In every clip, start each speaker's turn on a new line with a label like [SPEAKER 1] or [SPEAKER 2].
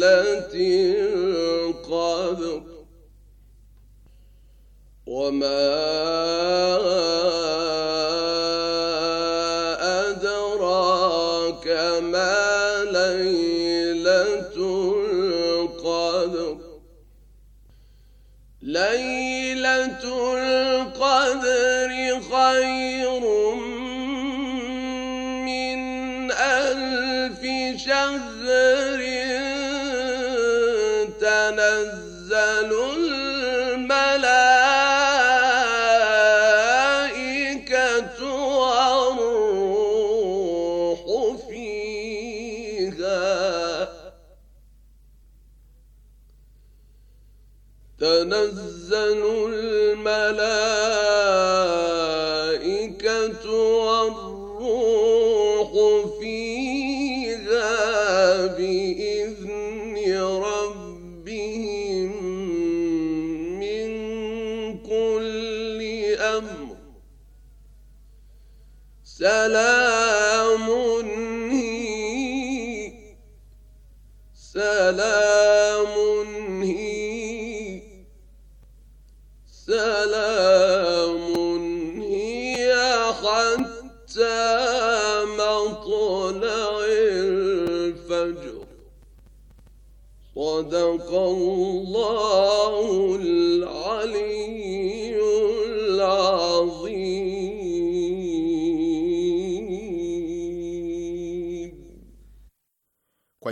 [SPEAKER 1] ليلة قبل وما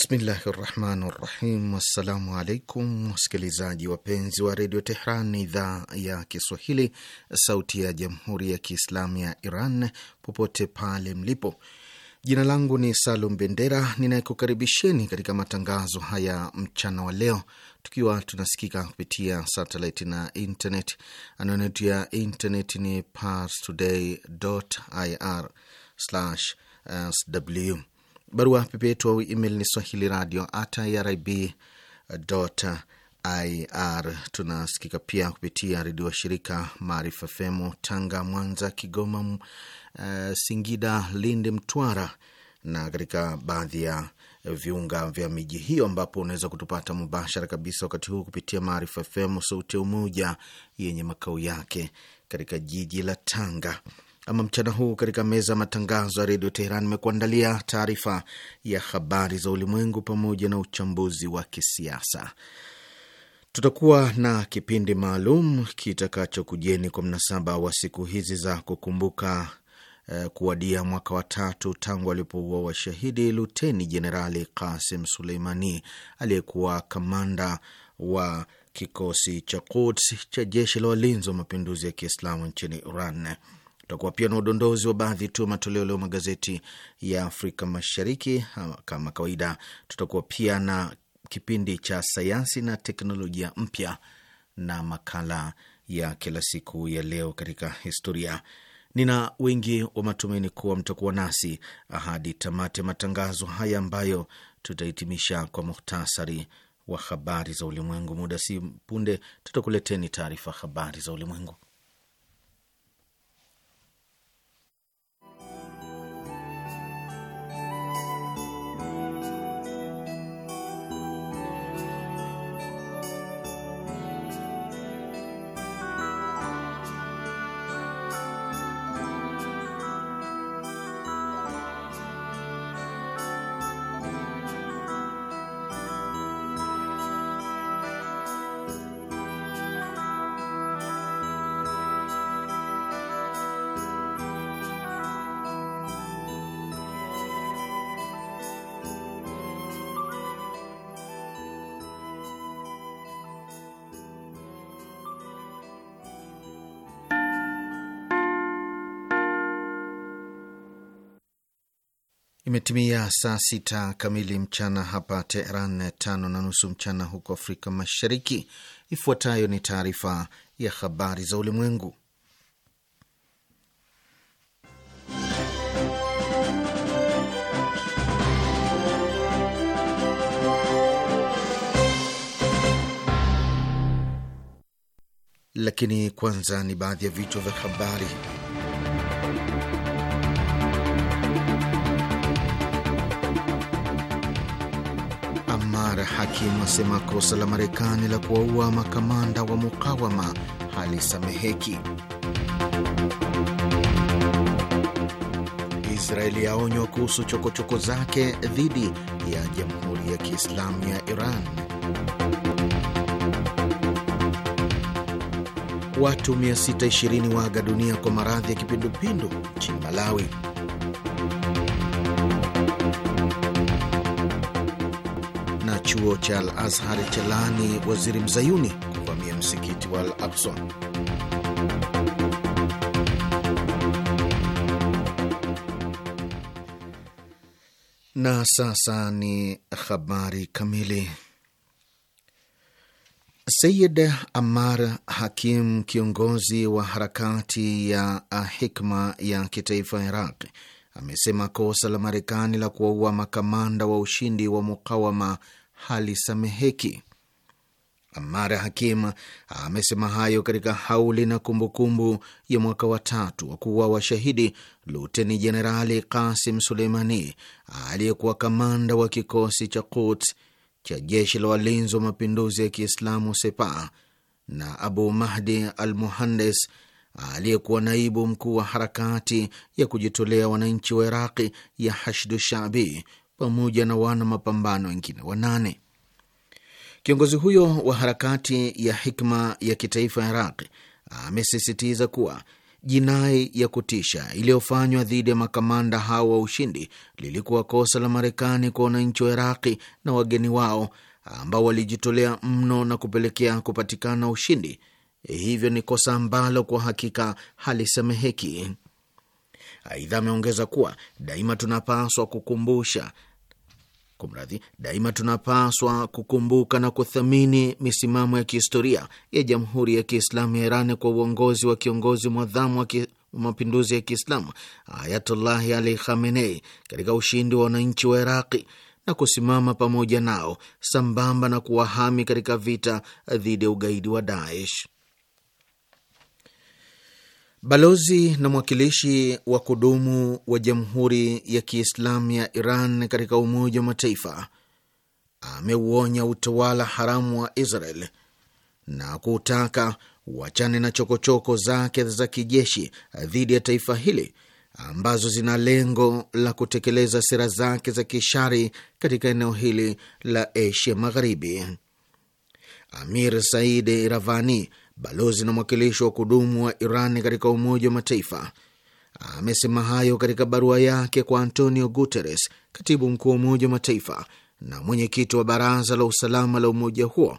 [SPEAKER 2] Bismillahi rahmani rahim. Wassalamu alaikum wasikilizaji wapenzi wa redio Tehran, idhaa ya Kiswahili, sauti ya jamhuri ya kiislamu ya Iran, popote pale mlipo. Jina langu ni Salum Bendera ninayekukaribisheni katika matangazo haya mchana wa leo, tukiwa tunasikika kupitia satellite na internet. Anwani yetu ya internet ni parstoday.ir/sw Barua pepe yetu au email ni swahili radio at irib ir. Tunasikika pia kupitia redio wa shirika Maarifa FM Tanga, Mwanza, Kigoma, uh, Singida, Lindi, Mtwara na katika baadhi ya viunga vya miji hiyo ambapo unaweza kutupata mubashara kabisa wakati huu kupitia Maarifa FM Sauti ya Umoja yenye makao yake katika jiji la Tanga. Ama mchana huu katika meza ya matangazo ya redio Teheran imekuandalia taarifa ya habari za ulimwengu pamoja na uchambuzi wa kisiasa. Tutakuwa na kipindi maalum kitakachokujeni kwa mnasaba wa siku hizi za kukumbuka eh, kuwadia mwaka wa tatu tangu alipouawa washahidi Luteni Jenerali Kasim Suleimani aliyekuwa kamanda wa kikosi cha Quds cha jeshi la walinzi wa mapinduzi ya Kiislamu nchini Iran. Tutakuwa pia na udondozi wa baadhi tu matoleo leo magazeti ya Afrika Mashariki. Kama kawaida, tutakuwa pia na kipindi cha sayansi na teknolojia mpya na makala ya kila siku ya leo katika historia. Nina wingi wa matumaini kuwa mtakuwa nasi hadi tamati matangazo haya ambayo tutahitimisha kwa muhtasari wa habari za ulimwengu. Muda si punde tutakuleteni taarifa habari za ulimwengu. Imetimia saa sita kamili mchana hapa Teheran, tano na nusu mchana huko Afrika Mashariki. Ifuatayo ni taarifa ya habari za ulimwengu, lakini kwanza ni baadhi ya vichwa vya habari. Hakimu asema kosa la Marekani la kuwaua makamanda wa mukawama halisameheki. Israeli yaonywa kuhusu chokochoko zake dhidi ya Jamhuri ya Kiislamu ya Iran. Watu 620 waaga dunia kwa maradhi ya kipindupindu nchini Malawi. kituo cha Al Azhar cha laani waziri mzayuni kuvamia msikiti wa Al Aqsa. Na sasa ni habari kamili. Sayid Amar Hakim, kiongozi wa harakati ya Hikma ya kitaifa Iraq, amesema kosa la Marekani la kuwaua makamanda wa ushindi wa mukawama halisameheki. Amara Hakim amesema hayo katika hauli na kumbukumbu -kumbu ya mwaka wa tatu wa kuwa washahidi Luteni Jenerali Kasim Suleimani aliyekuwa kamanda wa kikosi cha Quds cha jeshi la walinzi wa mapinduzi ya Kiislamu sepa na Abu Mahdi al Muhandes aliyekuwa naibu mkuu wa harakati ya kujitolea wananchi wa Iraqi ya Hashdu Shabi pamoja na wana mapambano wengine wanane. Kiongozi huyo wa harakati ya Hikma ya kitaifa ya Iraq amesisitiza kuwa jinai ya kutisha iliyofanywa dhidi ya makamanda hao wa ushindi lilikuwa kosa la Marekani kwa wananchi wa Iraqi na wageni wao ambao walijitolea mno na kupelekea kupatikana ushindi. Hivyo ni kosa ambalo kwa hakika halisemeheki. Aidha, ameongeza kuwa daima tunapaswa kukumbusha kwa mradhi, daima tunapaswa kukumbuka na kuthamini misimamo ya kihistoria ya Jamhuri ya Kiislamu ya Iran kwa uongozi wa kiongozi mwadhamu wa ki mapinduzi ya Kiislamu Ayatullahi Ali Khamenei katika ushindi wa wananchi wa Iraqi na kusimama pamoja nao sambamba na kuwahami katika vita dhidi ya ugaidi wa Daesh. Balozi na mwakilishi wa kudumu wa Jamhuri ya Kiislamu ya Iran katika Umoja wa Mataifa ameuonya utawala haramu wa Israel na kuutaka wachane na chokochoko zake za kijeshi dhidi ya taifa hili ambazo zina lengo la kutekeleza sera zake za kishari katika eneo hili la Asia Magharibi. Amir Said Iravani balozi na mwakilishi wa kudumu wa Iran katika Umoja wa Mataifa amesema hayo katika barua yake kwa Antonio Guterres, katibu mkuu wa Umoja wa Mataifa na mwenyekiti wa Baraza la Usalama la umoja huo,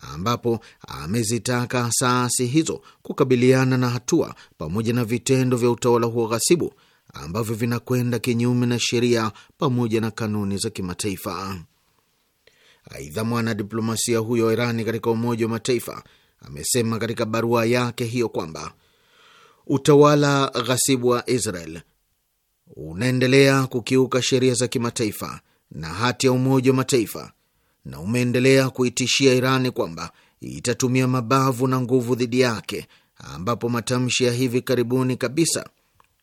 [SPEAKER 2] ambapo amezitaka asasi hizo kukabiliana na hatua pamoja na vitendo vya utawala huo ghasibu ambavyo vinakwenda kinyume na sheria pamoja na kanuni za kimataifa. Aidha, mwanadiplomasia huyo wa Irani katika Umoja wa Mataifa amesema katika barua yake hiyo kwamba utawala ghasibu wa Israel unaendelea kukiuka sheria za kimataifa na hati ya Umoja wa Mataifa na umeendelea kuitishia Irani kwamba itatumia mabavu na nguvu dhidi yake, ambapo matamshi ya hivi karibuni kabisa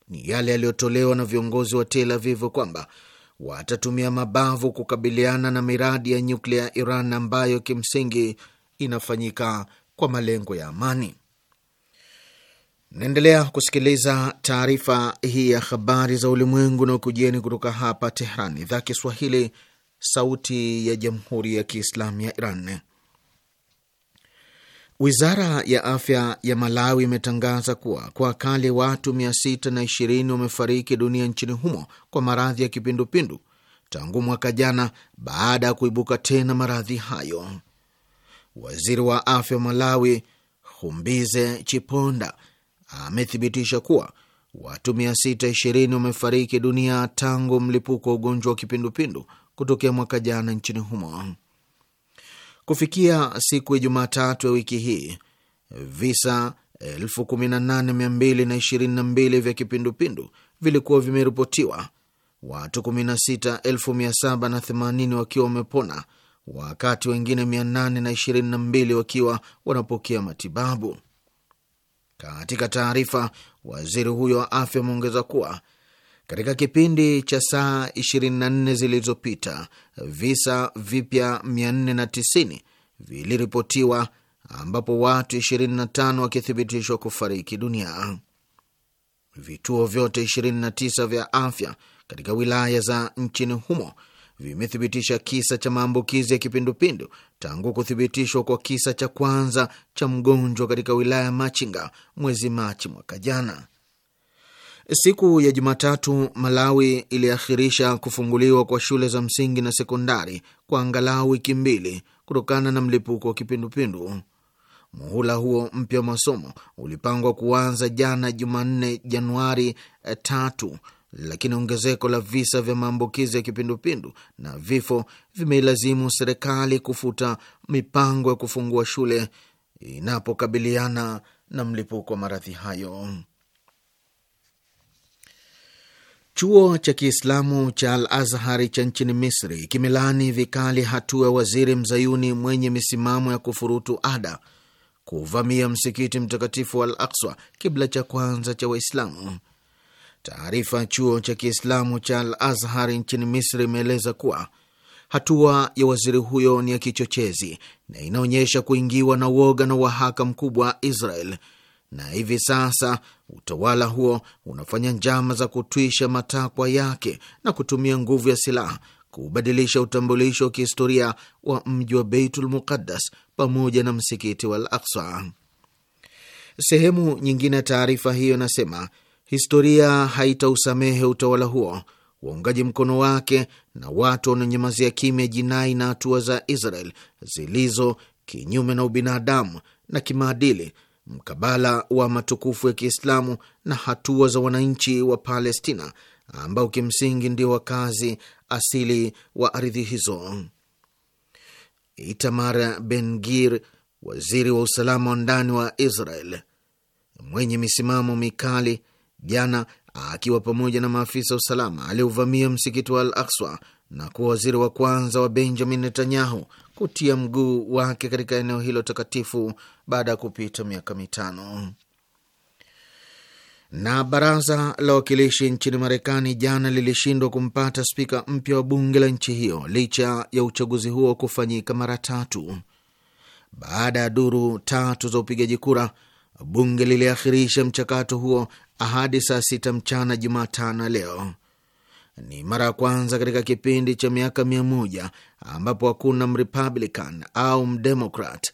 [SPEAKER 2] ni yale yaliyotolewa na viongozi wa Tel Avivu kwamba watatumia mabavu kukabiliana na miradi ya nyuklia ya Iran ambayo kimsingi inafanyika kwa malengo ya amani. Mnaendelea kusikiliza taarifa hii ya habari za ulimwengu na ukujieni kutoka hapa Tehran, idhaa Kiswahili, sauti ya jamhuri ya kiislamu ya Iran. Wizara ya afya ya Malawi imetangaza kuwa kwa akali watu 620 wamefariki dunia nchini humo kwa maradhi ya kipindupindu tangu mwaka jana baada ya kuibuka tena maradhi hayo. Waziri wa afya wa Malawi Humbize Chiponda amethibitisha kuwa watu 620 wamefariki dunia tangu mlipuko wa ugonjwa wa kipindupindu kutokea mwaka jana nchini humo. Kufikia siku ya Jumatatu ya wiki hii, visa 18222 vya kipindupindu vilikuwa vimeripotiwa, watu 16780 wakiwa wamepona wakati wengine 822 wakiwa wanapokea matibabu. Katika taarifa, waziri huyo wa afya ameongeza kuwa katika kipindi cha saa 24 zilizopita visa vipya 490 viliripotiwa ambapo watu 25 wakithibitishwa kufariki dunia. Vituo vyote 29 vya afya katika wilaya za nchini humo vimethibitisha kisa cha maambukizi ya kipindupindu tangu kuthibitishwa kwa kisa cha kwanza cha mgonjwa katika wilaya ya Machinga mwezi Machi mwaka jana. Siku ya Jumatatu, Malawi iliahirisha kufunguliwa kwa shule za msingi na sekondari kwa angalau wiki mbili kutokana na mlipuko wa kipindupindu. Muhula huo mpya wa masomo ulipangwa kuanza jana Jumanne, Januari eh, tatu lakini ongezeko la visa vya maambukizi ya kipindupindu na vifo vimeilazimu serikali kufuta mipango ya kufungua shule inapokabiliana na mlipuko wa maradhi hayo. Chuo cha Kiislamu cha Al Azhari cha nchini Misri kimelaani vikali hatua ya waziri mzayuni mwenye misimamo ya kufurutu ada kuvamia msikiti mtakatifu wa Al Akswa, kibla cha kwanza cha Waislamu. Taarifa ya chuo cha Kiislamu cha Al Azhar nchini Misri imeeleza kuwa hatua ya waziri huyo ni ya kichochezi na inaonyesha kuingiwa na uoga na wahaka mkubwa wa Israel, na hivi sasa utawala huo unafanya njama za kutwisha matakwa yake na kutumia nguvu ya silaha kubadilisha utambulisho wa kihistoria wa mji wa Beitul Muqaddas pamoja na msikiti wa Al Aksa. Sehemu nyingine ya taarifa hiyo inasema Historia haitausamehe utawala huo, waungaji mkono wake na watu wanaonyamazia kimya jinai na hatua za Israel zilizo kinyume na ubinadamu na kimaadili mkabala wa matukufu ya Kiislamu na hatua za wananchi wa Palestina ambao kimsingi ndio wakazi asili wa ardhi hizo. Itamar Ben Gir, waziri wa usalama wa ndani wa Israel mwenye misimamo mikali jana akiwa pamoja na maafisa wa usalama aliyeuvamia msikiti wa Al Akswa na kuwa waziri wa kwanza wa Benjamin Netanyahu kutia mguu wake katika eneo hilo takatifu baada ya kupita miaka mitano. Na baraza la wakilishi nchini Marekani jana lilishindwa kumpata spika mpya wa bunge la nchi hiyo licha ya uchaguzi huo kufanyika mara tatu baada ya duru tatu za upigaji kura bunge liliakhirisha mchakato huo hadi saa sita mchana Jumatano leo. Ni mara ya kwanza katika kipindi cha miaka mia moja ambapo hakuna mrepublican au mdemokrat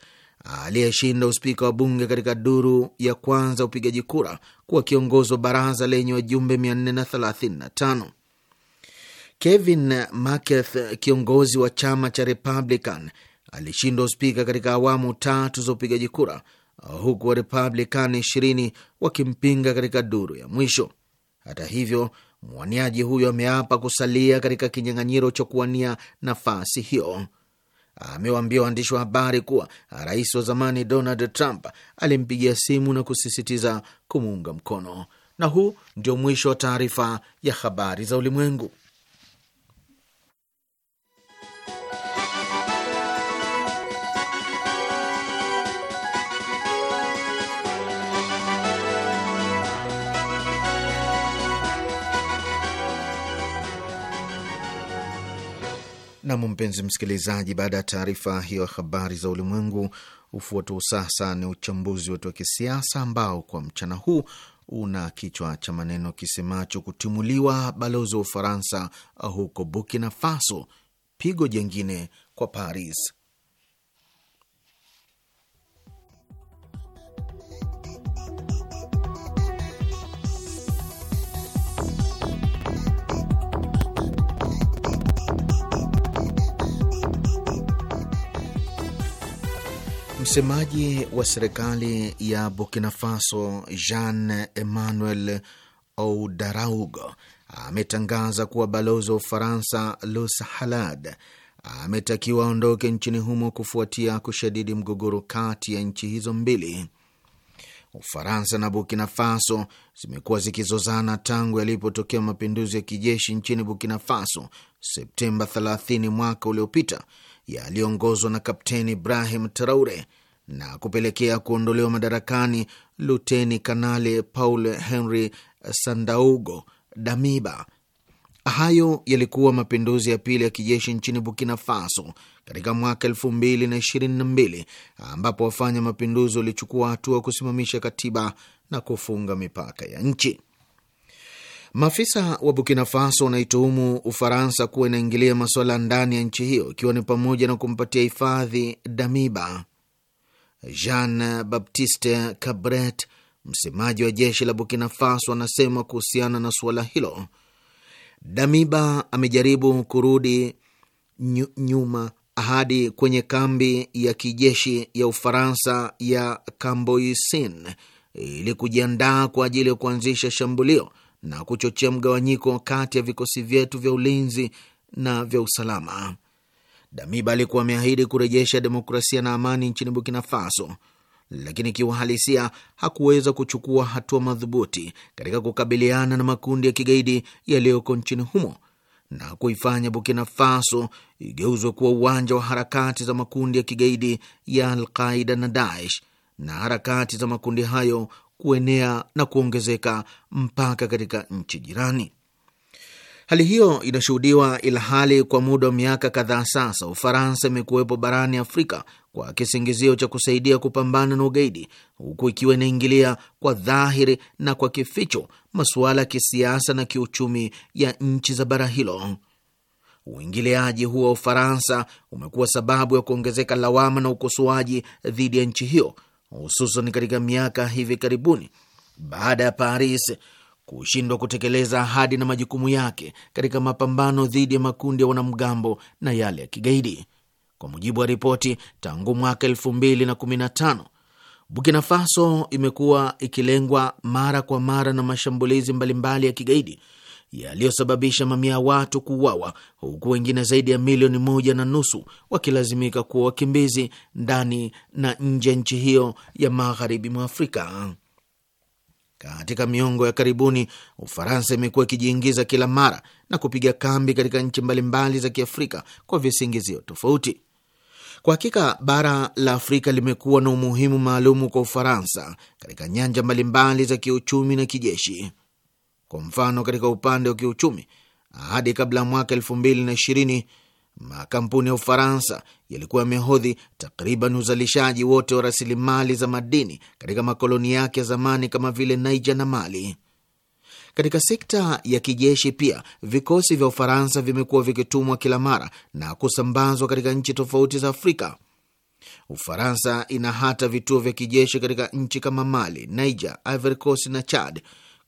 [SPEAKER 2] aliyeshinda uspika wa bunge katika duru ya kwanza upigaji kura kuwa kiongozi wa baraza lenye wajumbe 435. Kevin Maketh, kiongozi wa chama cha Republican, alishindwa uspika katika awamu tatu za upigaji kura huku Warepublikani ishirini wakimpinga katika duru ya mwisho. Hata hivyo, mwaniaji huyo ameapa kusalia katika kinyang'anyiro cha kuwania nafasi hiyo. Amewaambia waandishi wa habari kuwa rais wa zamani Donald Trump alimpigia simu na kusisitiza kumuunga mkono. Na huu ndio mwisho wa taarifa ya habari za ulimwengu. Nam, mpenzi msikilizaji, baada ya taarifa hiyo ya habari za ulimwengu, ufuatu sasa ni uchambuzi wetu wa kisiasa ambao kwa mchana huu una kichwa cha maneno kisemacho kutimuliwa balozi wa Ufaransa huko Burkina Faso, pigo jingine kwa Paris. Msemaji wa serikali ya Burkina Faso Jean Emmanuel Oudaraugo ametangaza kuwa balozi wa Ufaransa Lus Halad ametakiwa aondoke nchini humo kufuatia kushadidi mgogoro kati ya nchi hizo mbili. Ufaransa na Burkina Faso zimekuwa zikizozana tangu yalipotokea mapinduzi ya kijeshi nchini Burkina Faso Septemba 30 mwaka uliopita, yaliyoongozwa na Kapteni Ibrahim Traore na kupelekea kuondolewa madarakani luteni kanali Paul Henry Sandaugo Damiba. Hayo yalikuwa mapinduzi ya pili ya kijeshi nchini Burkina Faso katika mwaka elfu mbili na ishirini na mbili ambapo wafanya mapinduzi walichukua hatua kusimamisha katiba na kufunga mipaka ya nchi. Maafisa wa Burkina Faso wanaituhumu Ufaransa kuwa inaingilia masuala ndani ya nchi hiyo, ikiwa ni pamoja na kumpatia hifadhi Damiba. Jean Baptiste Cabret, msemaji wa jeshi la Burkina Faso, anasema kuhusiana na suala hilo, Damiba amejaribu kurudi nyuma hadi kwenye kambi ya kijeshi ya Ufaransa ya Camboisin ili kujiandaa kwa ajili ya kuanzisha shambulio na kuchochea mgawanyiko kati ya vikosi vyetu vya ulinzi na vya usalama. Damiba alikuwa ameahidi kurejesha demokrasia na amani nchini Burkina Faso, lakini kiuhalisia hakuweza kuchukua hatua madhubuti katika kukabiliana na makundi ya kigaidi yaliyoko nchini humo na kuifanya Burkina Faso igeuzwe kuwa uwanja wa harakati za makundi ya kigaidi ya Alqaida na Daesh na harakati za makundi hayo kuenea na kuongezeka mpaka katika nchi jirani. Hali hiyo inashuhudiwa ilhali kwa muda wa miaka kadhaa sasa Ufaransa imekuwepo barani Afrika kwa kisingizio cha kusaidia kupambana na ugaidi, huku ikiwa inaingilia kwa dhahiri na kwa kificho masuala ya kisiasa na kiuchumi ya nchi za bara hilo. Uingiliaji huo wa Ufaransa umekuwa sababu ya kuongezeka lawama na ukosoaji dhidi ya nchi hiyo, hususan katika miaka hivi karibuni baada ya Paris kushindwa kutekeleza ahadi na majukumu yake katika mapambano dhidi ya makundi ya wanamgambo na yale ya kigaidi. Kwa mujibu wa ripoti, tangu mwaka elfu mbili na kumi na tano Burkina Faso imekuwa ikilengwa mara kwa mara na mashambulizi mbalimbali ya kigaidi yaliyosababisha mamia ya watu kuuawa huku wengine zaidi ya milioni moja na nusu wakilazimika kuwa wakimbizi ndani na nje ya nchi hiyo ya magharibi mwa Afrika. Katika miongo ya karibuni, Ufaransa imekuwa ikijiingiza kila mara na kupiga kambi katika nchi mbalimbali za Kiafrika kwa visingizio tofauti. Kwa hakika bara la Afrika limekuwa na umuhimu maalumu kwa Ufaransa katika nyanja mbalimbali za kiuchumi na kijeshi. Kwa mfano, katika upande wa kiuchumi, hadi kabla ya mwaka elfu mbili na ishirini makampuni ya Ufaransa yalikuwa yamehodhi takriban uzalishaji wote wa rasilimali za madini katika makoloni yake ya zamani kama vile Niger na Mali. Katika sekta ya kijeshi pia, vikosi vya Ufaransa vimekuwa vikitumwa kila mara na kusambazwa katika nchi tofauti za Afrika. Ufaransa ina hata vituo vya kijeshi katika nchi kama Mali, Niger, Ivory Coast na Chad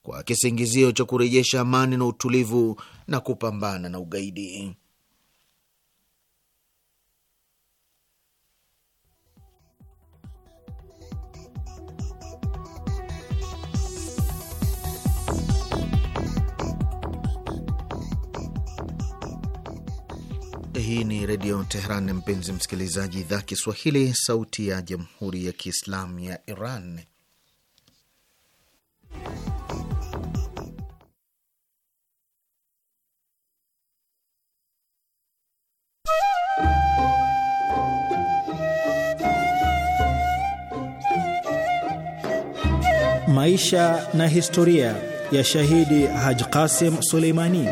[SPEAKER 2] kwa kisingizio cha kurejesha amani na utulivu na kupambana na ugaidi. Hii ni Redio Teheran, mpenzi msikilizaji, idhaa Kiswahili, sauti ya Jamhuri ya Kiislamu ya Iran.
[SPEAKER 3] Maisha na historia ya shahidi haj Qasim Suleimani.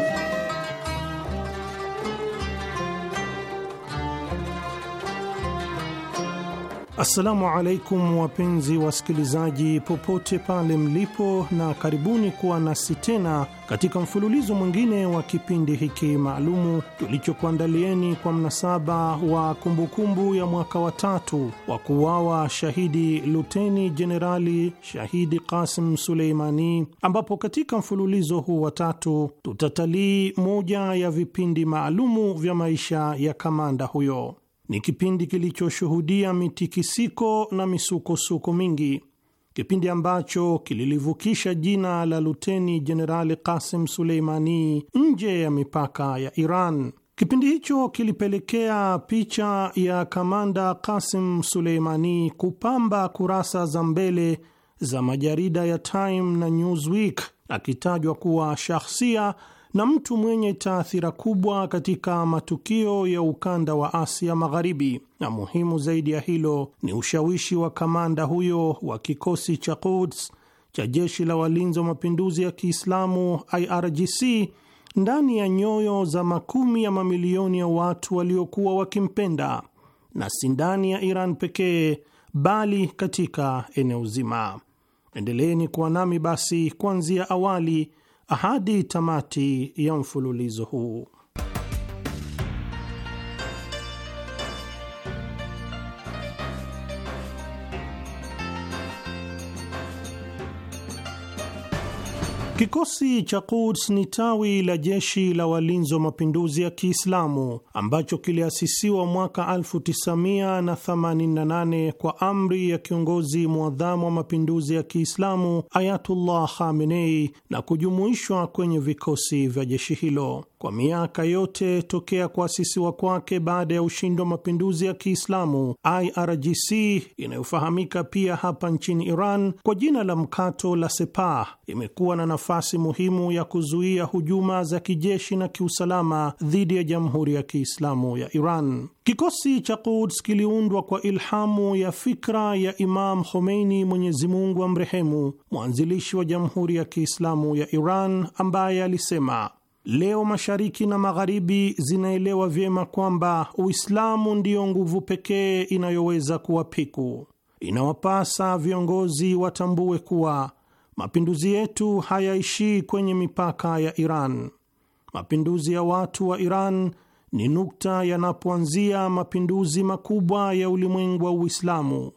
[SPEAKER 4] Assalamu alaikum wapenzi wasikilizaji, popote pale mlipo, na karibuni kuwa nasi tena katika mfululizo mwingine wa kipindi hiki maalumu tulichokuandalieni kwa mnasaba wa kumbukumbu kumbu ya mwaka wa tatu wa kuuawa shahidi luteni jenerali shahidi Kasim Suleimani, ambapo katika mfululizo huu wa tatu tutatalii moja ya vipindi maalumu vya maisha ya kamanda huyo ni kipindi kilichoshuhudia mitikisiko na misukosuko mingi, kipindi ambacho kililivukisha jina la Luteni Jenerali Kasim Suleimani nje ya mipaka ya Iran. Kipindi hicho kilipelekea picha ya kamanda Kasim Suleimani kupamba kurasa za mbele za majarida ya Time na Newsweek, akitajwa kuwa shahsia na mtu mwenye taathira kubwa katika matukio ya ukanda wa Asia Magharibi, na muhimu zaidi ya hilo ni ushawishi wa kamanda huyo wa kikosi cha Quds cha jeshi la walinzi wa mapinduzi ya Kiislamu IRGC ndani ya nyoyo za makumi ya mamilioni ya watu waliokuwa wakimpenda, na si ndani ya Iran pekee bali katika eneo zima. Endeleeni kuwa nami basi kuanzia awali ahadi tamati ya mfululizo huu. Kikosi cha Quds ni tawi la jeshi la walinzi wa mapinduzi ya Kiislamu ambacho kiliasisiwa mwaka 1988 kwa amri ya kiongozi mwadhamu wa mapinduzi ya Kiislamu Ayatullah Khamenei na kujumuishwa kwenye vikosi vya jeshi hilo. Kwa miaka yote tokea kuasisiwa kwake baada ya ushindi wa mapinduzi ya Kiislamu, IRGC inayofahamika pia hapa nchini Iran kwa jina la mkato la Sepah imekuwa na nafasi muhimu ya kuzuia hujuma za kijeshi na kiusalama dhidi ya Jamhuri ya Kiislamu ya Iran. Kikosi cha Quds kiliundwa kwa ilhamu ya fikra ya Imam Khomeini, Mwenyezi Mungu amrehemu, mwanzilishi wa Jamhuri ya Kiislamu ya Iran, ambaye alisema Leo mashariki na magharibi zinaelewa vyema kwamba Uislamu ndiyo nguvu pekee inayoweza kuwapiku. Inawapasa viongozi watambue kuwa mapinduzi yetu hayaishii kwenye mipaka ya Iran. Mapinduzi ya watu wa Iran ni nukta yanapoanzia mapinduzi makubwa ya ulimwengu wa Uislamu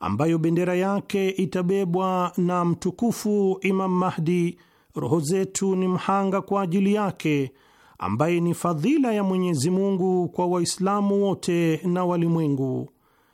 [SPEAKER 4] ambayo bendera yake itabebwa na mtukufu Imam Mahdi roho zetu ni mhanga kwa ajili yake, ambaye ni fadhila ya Mwenyezi Mungu kwa Waislamu wote na walimwengu,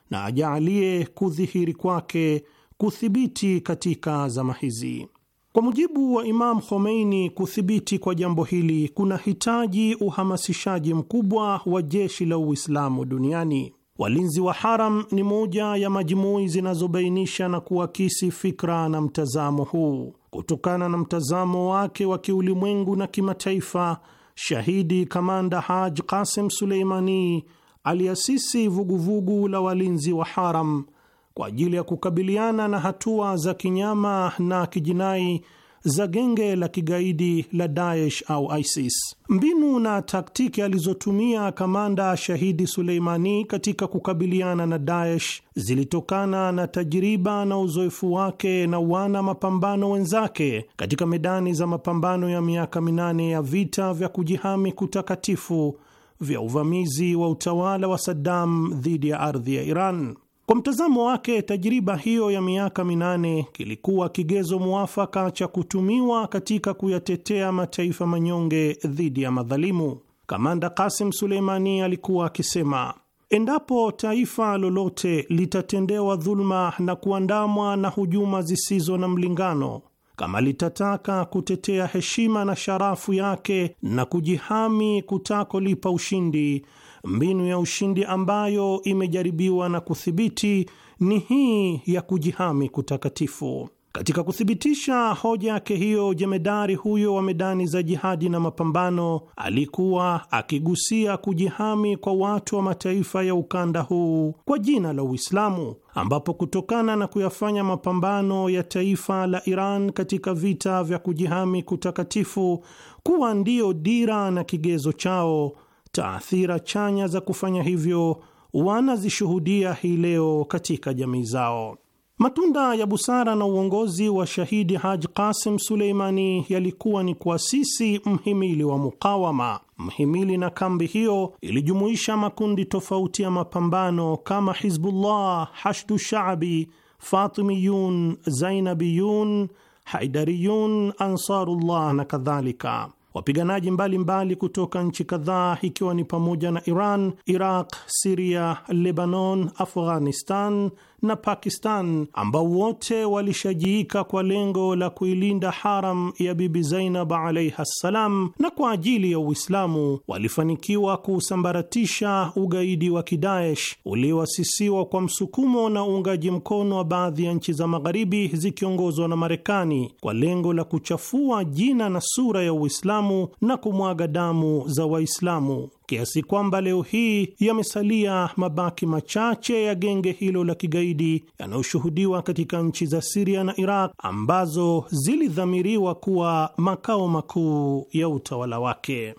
[SPEAKER 4] na ajaalie kudhihiri kwake kuthibiti katika zama hizi. Kwa mujibu wa Imam Khomeini, kuthibiti kwa jambo hili kuna hitaji uhamasishaji mkubwa wa jeshi la Uislamu duniani. Walinzi wa Haram ni moja ya majumui zinazobainisha na kuakisi fikra na mtazamo huu. Kutokana na mtazamo wake wa kiulimwengu na kimataifa, shahidi kamanda Haj Qasim Suleimani aliasisi vuguvugu la walinzi wa haram kwa ajili ya kukabiliana na hatua za kinyama na kijinai za genge la kigaidi la Daesh au ISIS. Mbinu na taktiki alizotumia kamanda shahidi Suleimani katika kukabiliana na Daesh zilitokana na tajiriba na uzoefu wake na wana mapambano wenzake katika medani za mapambano ya miaka minane ya vita vya kujihami kutakatifu vya uvamizi wa utawala wa Saddam dhidi ya ardhi ya Iran. Kwa mtazamo wake, tajriba hiyo ya miaka minane kilikuwa kigezo muafaka cha kutumiwa katika kuyatetea mataifa manyonge dhidi ya madhalimu. Kamanda Kasim Suleimani alikuwa akisema, endapo taifa lolote litatendewa dhuluma na kuandamwa na hujuma zisizo na mlingano, kama litataka kutetea heshima na sharafu yake na kujihami kutakolipa ushindi Mbinu ya ushindi ambayo imejaribiwa na kuthibiti ni hii ya kujihami kutakatifu. Katika kuthibitisha hoja yake hiyo, jemedari huyo wa medani za jihadi na mapambano alikuwa akigusia kujihami kwa watu wa mataifa ya ukanda huu kwa jina la Uislamu, ambapo kutokana na kuyafanya mapambano ya taifa la Iran katika vita vya kujihami kutakatifu kuwa ndiyo dira na kigezo chao taathira chanya za kufanya hivyo wanazishuhudia hii leo katika jamii zao. Matunda ya busara na uongozi wa shahidi Haji Qasim Suleimani yalikuwa ni kuasisi mhimili wa mukawama. Mhimili na kambi hiyo ilijumuisha makundi tofauti ya mapambano kama Hizbullah, Hashdu Shaabi, Fatimiyun, Zainabiyun, Haidariyun, Ansarullah na kadhalika. Wapiganaji mbalimbali mbali kutoka nchi kadhaa ikiwa ni pamoja na Iran, Iraq, Siria, Lebanon, Afghanistan na Pakistan ambao wote walishajiika kwa lengo la kuilinda haram ya Bibi Zainab alaiha ssalam, na kwa ajili ya Uislamu walifanikiwa kuusambaratisha ugaidi wa Kidaesh ulioasisiwa kwa msukumo na uungaji mkono wa baadhi ya nchi za Magharibi zikiongozwa na Marekani kwa lengo la kuchafua jina na sura ya Uislamu na kumwaga damu za Waislamu kiasi kwamba leo hii yamesalia mabaki machache ya genge hilo la kigaidi yanayoshuhudiwa katika nchi za Siria na Iraq ambazo zilidhamiriwa kuwa makao makuu ya utawala wake.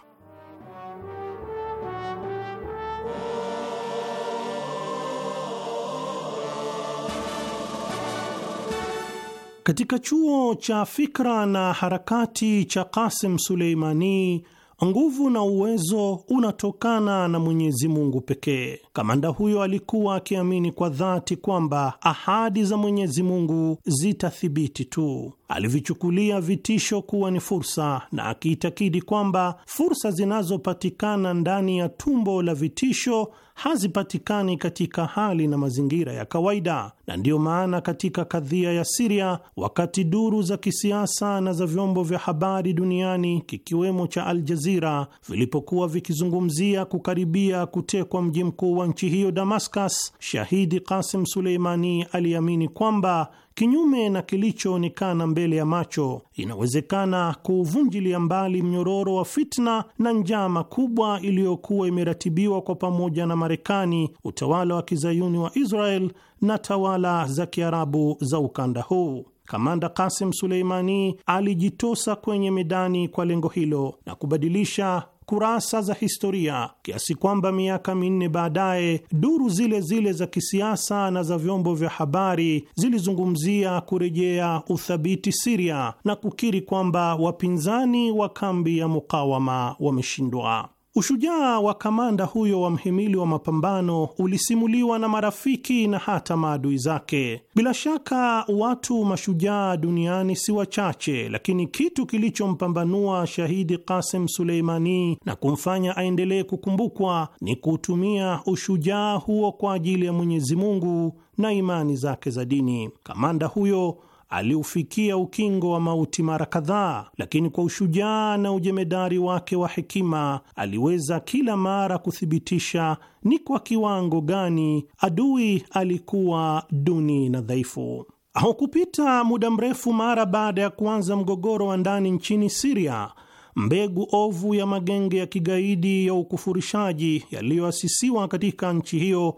[SPEAKER 4] Katika chuo cha fikra na harakati cha Kasim Suleimani Nguvu na uwezo unatokana na Mwenyezi Mungu pekee. Kamanda huyo alikuwa akiamini kwa dhati kwamba ahadi za Mwenyezi Mungu zitathibiti tu. Alivichukulia vitisho kuwa ni fursa, na akiitakidi kwamba fursa zinazopatikana ndani ya tumbo la vitisho hazipatikani katika hali na mazingira ya kawaida, na ndiyo maana katika kadhia ya Siria, wakati duru za kisiasa na za vyombo vya habari duniani kikiwemo cha Al Jazira vilipokuwa vikizungumzia kukaribia kutekwa mji mkuu wa nchi hiyo Damascus, shahidi Qasim Suleimani aliamini kwamba kinyume na kilichoonekana mbele ya macho, inawezekana kuuvunjilia mbali mnyororo wa fitna na njama kubwa iliyokuwa imeratibiwa kwa pamoja na Marekani, utawala wa kizayuni wa Israel na tawala za kiarabu za ukanda huu. Kamanda Kasim Suleimani alijitosa kwenye medani kwa lengo hilo na kubadilisha kurasa za historia kiasi kwamba miaka minne baadaye duru zile zile za kisiasa na za vyombo vya habari zilizungumzia kurejea uthabiti Siria na kukiri kwamba wapinzani wa kambi ya mukawama wameshindwa. Ushujaa wa kamanda huyo wa mhimili wa mapambano ulisimuliwa na marafiki na hata maadui zake. Bila shaka watu mashujaa duniani si wachache, lakini kitu kilichompambanua shahidi Qasim Suleimani na kumfanya aendelee kukumbukwa ni kutumia ushujaa huo kwa ajili ya Mwenyezi Mungu na imani zake za dini. Kamanda huyo aliufikia ukingo wa mauti mara kadhaa, lakini kwa ushujaa na ujemedari wake wa hekima aliweza kila mara kuthibitisha ni kwa kiwango gani adui alikuwa duni na dhaifu. Haukupita muda mrefu mara baada ya kuanza mgogoro wa ndani nchini Siria, mbegu ovu ya magenge ya kigaidi ya ukufurishaji yaliyoasisiwa katika nchi hiyo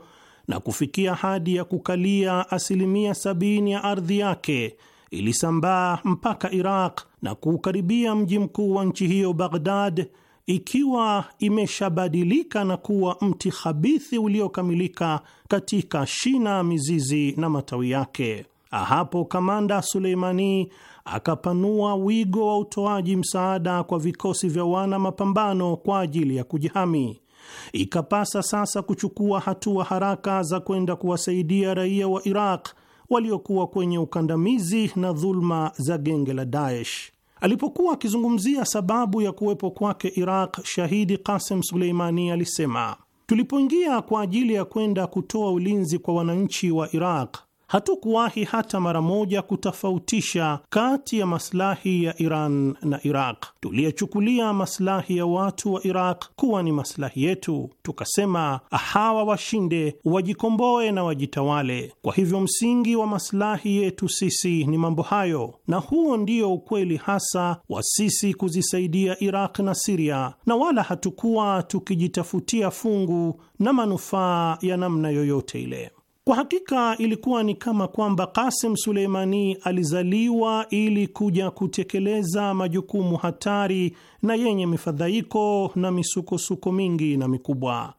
[SPEAKER 4] na kufikia hadi ya kukalia asilimia sabini ya ardhi yake, ilisambaa mpaka Iraq na kuukaribia mji mkuu wa nchi hiyo Baghdad, ikiwa imeshabadilika na kuwa mti khabithi uliokamilika katika shina, mizizi na matawi yake. Hapo kamanda Suleimani akapanua wigo wa utoaji msaada kwa vikosi vya wana mapambano kwa ajili ya kujihami. Ikapasa sasa kuchukua hatua haraka za kwenda kuwasaidia raia wa Iraq waliokuwa kwenye ukandamizi na dhuluma za genge la Daesh. Alipokuwa akizungumzia sababu ya kuwepo kwake Iraq, shahidi Qasim Suleimani alisema, tulipoingia kwa ajili ya kwenda kutoa ulinzi kwa wananchi wa Iraq hatukuwahi hata mara moja kutofautisha kati ya maslahi ya Iran na Iraq. Tuliyechukulia maslahi ya watu wa Iraq kuwa ni maslahi yetu, tukasema hawa washinde, wajikomboe na wajitawale. Kwa hivyo msingi wa maslahi yetu sisi ni mambo hayo, na huo ndio ukweli hasa wa sisi kuzisaidia Iraq na Siria, na wala hatukuwa tukijitafutia fungu na manufaa ya namna yoyote ile. Kwa hakika ilikuwa ni kama kwamba Kasim Suleimani alizaliwa ili kuja kutekeleza majukumu hatari na yenye mifadhaiko na misukosuko mingi na mikubwa.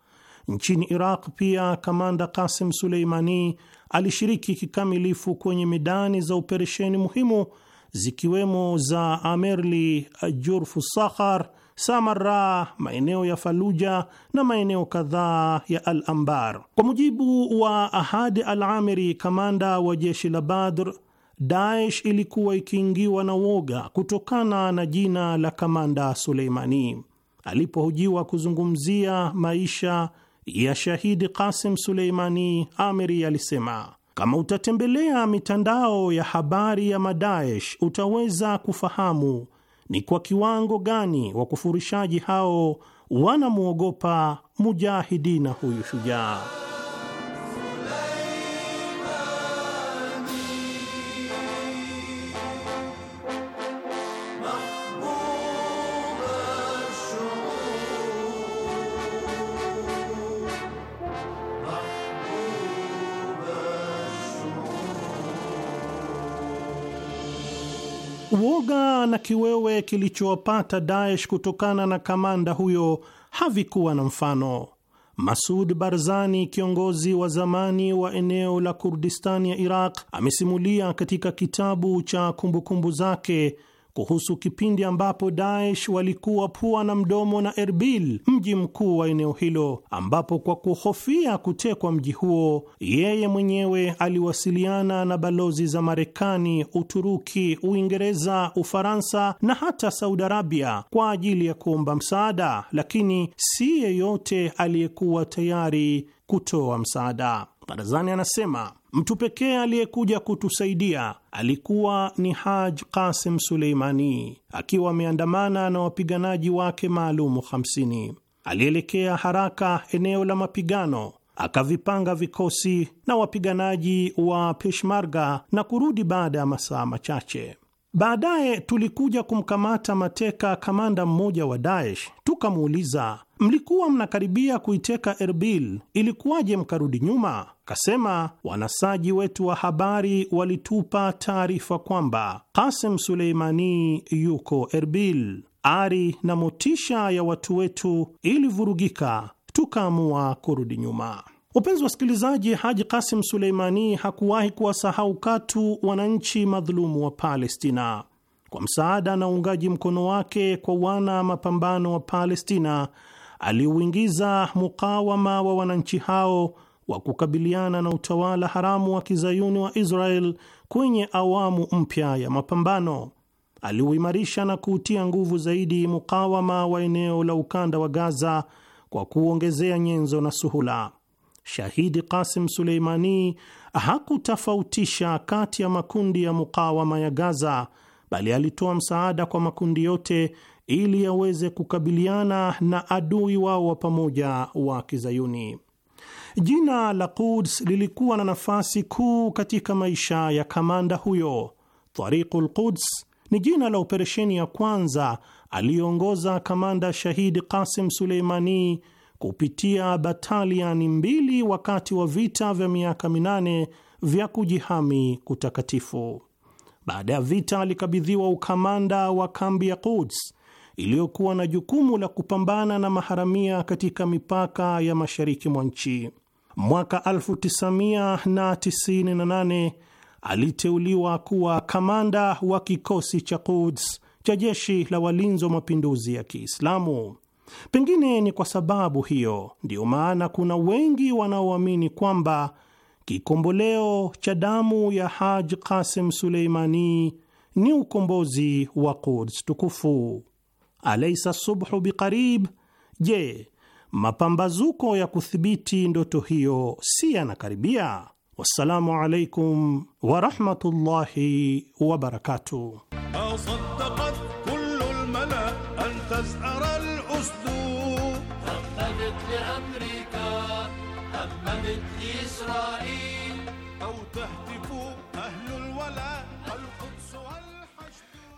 [SPEAKER 4] Nchini Iraq pia kamanda Kasim Suleimani alishiriki kikamilifu kwenye medani za operesheni muhimu zikiwemo za Amerli, Jurfu Sakhar Samara, maeneo ya Faluja na maeneo kadhaa ya Al Ambar. Kwa mujibu wa Ahadi Al Amiri, kamanda wa jeshi la Badr, Daesh ilikuwa ikiingiwa na woga kutokana na jina la kamanda Suleimani. Alipohojiwa kuzungumzia maisha ya shahidi Qasim Suleimani, Amiri alisema kama utatembelea mitandao ya habari ya Madaesh utaweza kufahamu ni kwa kiwango gani wakufurishaji hao wanamwogopa mujahidina huyu shujaa. Woga na kiwewe kilichowapata Daesh kutokana na kamanda huyo havikuwa na mfano. Masud Barzani, kiongozi wa zamani wa eneo la Kurdistani ya Iraq, amesimulia katika kitabu cha kumbukumbu kumbu zake kuhusu kipindi ambapo Daesh walikuwa pua na mdomo na Erbil, mji mkuu wa eneo hilo, ambapo kwa kuhofia kutekwa mji huo, yeye mwenyewe aliwasiliana na balozi za Marekani, Uturuki, Uingereza, Ufaransa na hata Saudi Arabia kwa ajili ya kuomba msaada, lakini si yeyote aliyekuwa tayari kutoa msaada. Barazani anasema Mtu pekee aliyekuja kutusaidia alikuwa ni Haj Qasim Suleimani akiwa ameandamana na wapiganaji wake maalumu 50. Alielekea haraka eneo la mapigano akavipanga vikosi na wapiganaji wa Peshmarga na kurudi baada ya masaa machache. Baadaye tulikuja kumkamata mateka kamanda mmoja wa Daesh, tukamuuliza, mlikuwa mnakaribia kuiteka Erbil, ilikuwaje mkarudi nyuma? kasema wanasaji wetu wa habari walitupa taarifa kwamba Kasem Suleimani yuko Erbil. Ari na motisha ya watu wetu ilivurugika, tukaamua kurudi nyuma. Wapenzi wasikilizaji, Haji Kasim Suleimani hakuwahi kuwasahau katu wananchi madhulumu wa Palestina. Kwa msaada na uungaji mkono wake kwa wana mapambano wa Palestina, aliuingiza mukawama wa wananchi hao wa kukabiliana na utawala haramu wa kizayuni wa Israel kwenye awamu mpya ya mapambano. Aliuimarisha na kuutia nguvu zaidi mukawama wa eneo la ukanda wa Gaza kwa kuongezea nyenzo na suhula. Shahidi Qasim Suleimani hakutofautisha kati ya makundi ya mukawama ya Gaza, bali alitoa msaada kwa makundi yote ili yaweze kukabiliana na adui wao wa pamoja wa Kizayuni. Jina la Quds lilikuwa na nafasi kuu katika maisha ya kamanda huyo. Tariqul Quds ni jina la operesheni ya kwanza aliyoongoza kamanda shahidi Qasim Suleimani kupitia bataliani mbili wakati wa vita vya miaka minane vya kujihami kutakatifu. Baada ya vita, alikabidhiwa ukamanda wa kambi ya Quds iliyokuwa na jukumu la kupambana na maharamia katika mipaka ya mashariki mwa nchi. Mwaka 1998 aliteuliwa kuwa kamanda wa kikosi cha Quds cha jeshi la walinzi wa mapinduzi ya Kiislamu. Pengine ni kwa sababu hiyo ndiyo maana kuna wengi wanaoamini kwamba kikomboleo cha damu ya Haj Qasim Suleimani ni ukombozi wa Quds tukufu. Alaisa subhu biqarib? Je, mapambazuko ya kuthibiti ndoto hiyo si yanakaribia? Wassalamu alaikum warahmatullahi wabarakatuh.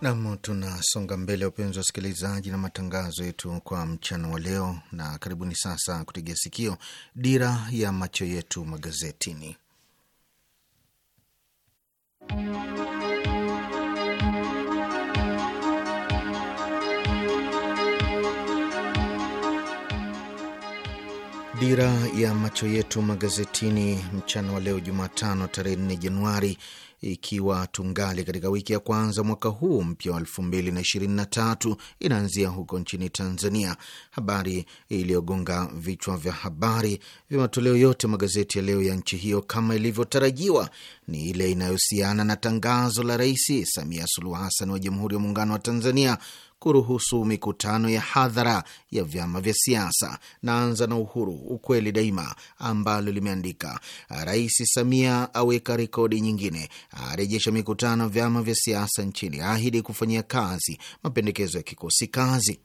[SPEAKER 2] nam. Tunasonga mbele, upenzi wa wasikilizaji, na matangazo yetu kwa mchana wa leo, na karibuni sasa kutegea sikio dira ya macho yetu magazetini dira ya macho yetu magazetini mchana wa leo Jumatano tarehe 4 Januari, ikiwa tungali katika wiki ya kwanza mwaka huu mpya wa elfu mbili na ishirini na tatu inaanzia huko nchini Tanzania. Habari iliyogonga vichwa vya habari vya matoleo yote magazeti ya leo ya nchi hiyo kama ilivyotarajiwa ni ile inayohusiana na tangazo la Rais Samia Suluhu Hassan wa Jamhuri ya Muungano wa Tanzania kuruhusu mikutano ya hadhara ya vyama vya siasa. Naanza na Uhuru, ukweli daima, ambalo limeandika Rais Samia aweka rekodi nyingine, arejesha mikutano ya vyama vya siasa nchini, ahidi kufanyia kazi mapendekezo ya kikosi kazi.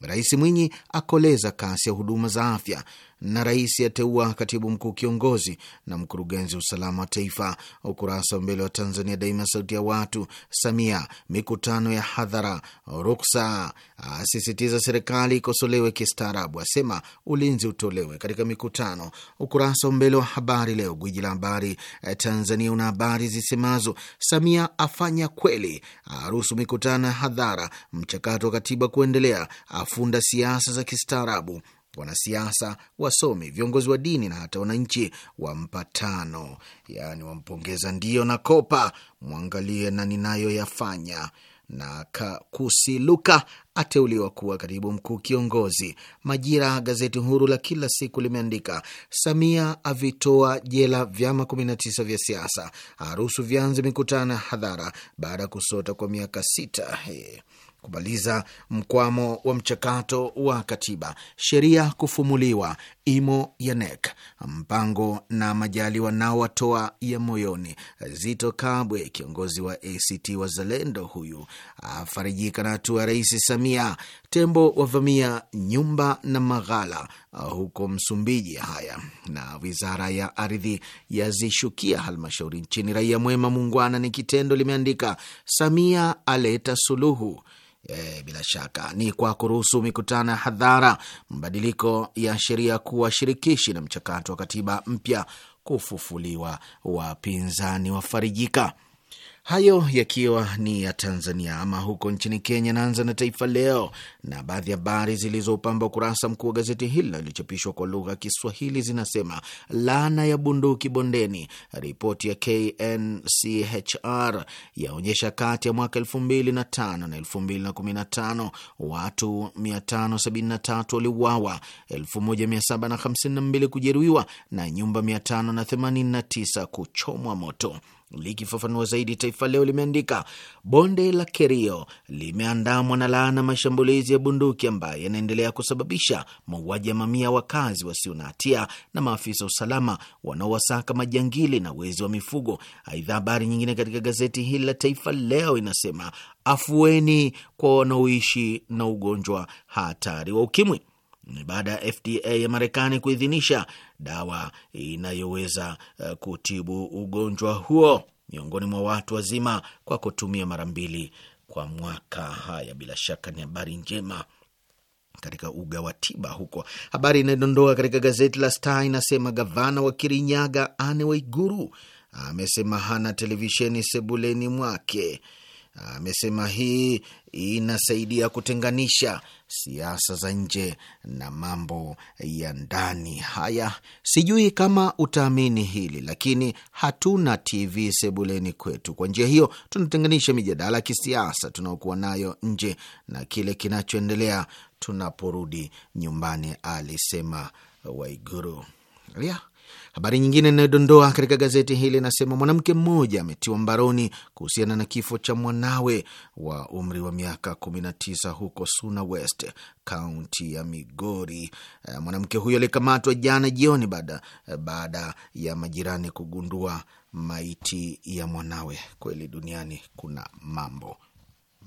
[SPEAKER 2] Rais Mwinyi akoleza kasi ya huduma za afya na rais ateua katibu mkuu kiongozi na mkurugenzi wa usalama wa taifa. Ukurasa wa mbele wa Tanzania Daima, sauti ya watu. Samia, mikutano ya hadhara ruksa, asisitiza serikali ikosolewe kistaarabu, asema ulinzi utolewe katika mikutano. Ukurasa wa mbele wa Habari Leo, gwiji la habari eh, Tanzania, una habari zisemazo Samia afanya kweli, aruhusu mikutano ya hadhara, mchakato wa katiba kuendelea, afunda siasa za kistaarabu Wanasiasa, wasomi, viongozi wa dini na hata wananchi wampatano, yaani wampongeza ndio na kopa, mwangalie na ninayoyafanya na Kakusiluka ateuliwa kuwa katibu mkuu kiongozi. Majira, gazeti huru la kila siku, limeandika Samia avitoa jela vyama 19 vya siasa, aruhusu vyanze mikutano ya hadhara baada ya kusota kwa miaka sita kumaliza mkwamo wa mchakato wa katiba, sheria kufumuliwa, imo ya nek mpango na majali wanaowatoa watoa ya moyoni. Zito Kabwe, kiongozi wa ACT Wazalendo, huyu afarijika na hatua Rais Samia. Tembo wavamia nyumba na maghala huko Msumbiji. Haya, na wizara ya ardhi yazishukia halmashauri nchini. Raia Mwema muungwana ni kitendo limeandika, Samia aleta suluhu E, bila shaka ni kwa kuruhusu mikutano ya hadhara, mabadiliko ya sheria kuwa shirikishi na mchakato wa katiba mpya kufufuliwa. Wapinzani wafarijika. Hayo yakiwa ni ya Tanzania. Ama huko nchini Kenya, naanza na Taifa Leo na baadhi ya habari zilizopamba ukurasa mkuu wa gazeti hili lililochapishwa kwa lugha ya Kiswahili zinasema: laana ya bunduki bondeni, ripoti ya KNCHR yaonyesha kati ya mwaka elfu na 215 watu 573 waliuawa, 1752 kujeruhiwa na nyumba 589 kuchomwa moto. Likifafanua zaidi, Taifa Leo limeandika bonde la Kerio limeandamwa na laana mashambulizi ya bunduki ambayo yanaendelea kusababisha mauaji ya mamia wakazi wasio na hatia na maafisa usalama wanaowasaka majangili na wezi wa mifugo. Aidha, habari nyingine katika gazeti hili la Taifa Leo inasema afueni kwa wanaoishi na ugonjwa hatari wa ukimwi ni baada ya FDA ya Marekani kuidhinisha dawa inayoweza eh, kutibu ugonjwa huo miongoni mwa watu wazima kwa kutumia mara mbili kwa mwaka. Haya, bila shaka ni habari njema katika uga wa tiba huko. Habari inayodondoka katika gazeti la Star inasema gavana wa Kirinyaga Anne Waiguru amesema hana televisheni sebuleni mwake. Amesema hii inasaidia kutenganisha siasa za nje na mambo ya ndani. Haya, sijui kama utaamini hili, lakini hatuna TV sebuleni kwetu. Kwa njia hiyo tunatenganisha mijadala ya kisiasa tunaokuwa nayo nje na kile kinachoendelea tunaporudi nyumbani, alisema Waiguru. Habari nyingine inayodondoa katika gazeti hili inasema mwanamke mmoja ametiwa mbaroni kuhusiana na kifo cha mwanawe wa umri wa miaka 19 huko Suna West, kaunti ya Migori. Eh, mwanamke huyo alikamatwa jana jioni baada eh, baada ya majirani kugundua maiti ya mwanawe. Kweli duniani kuna mambo,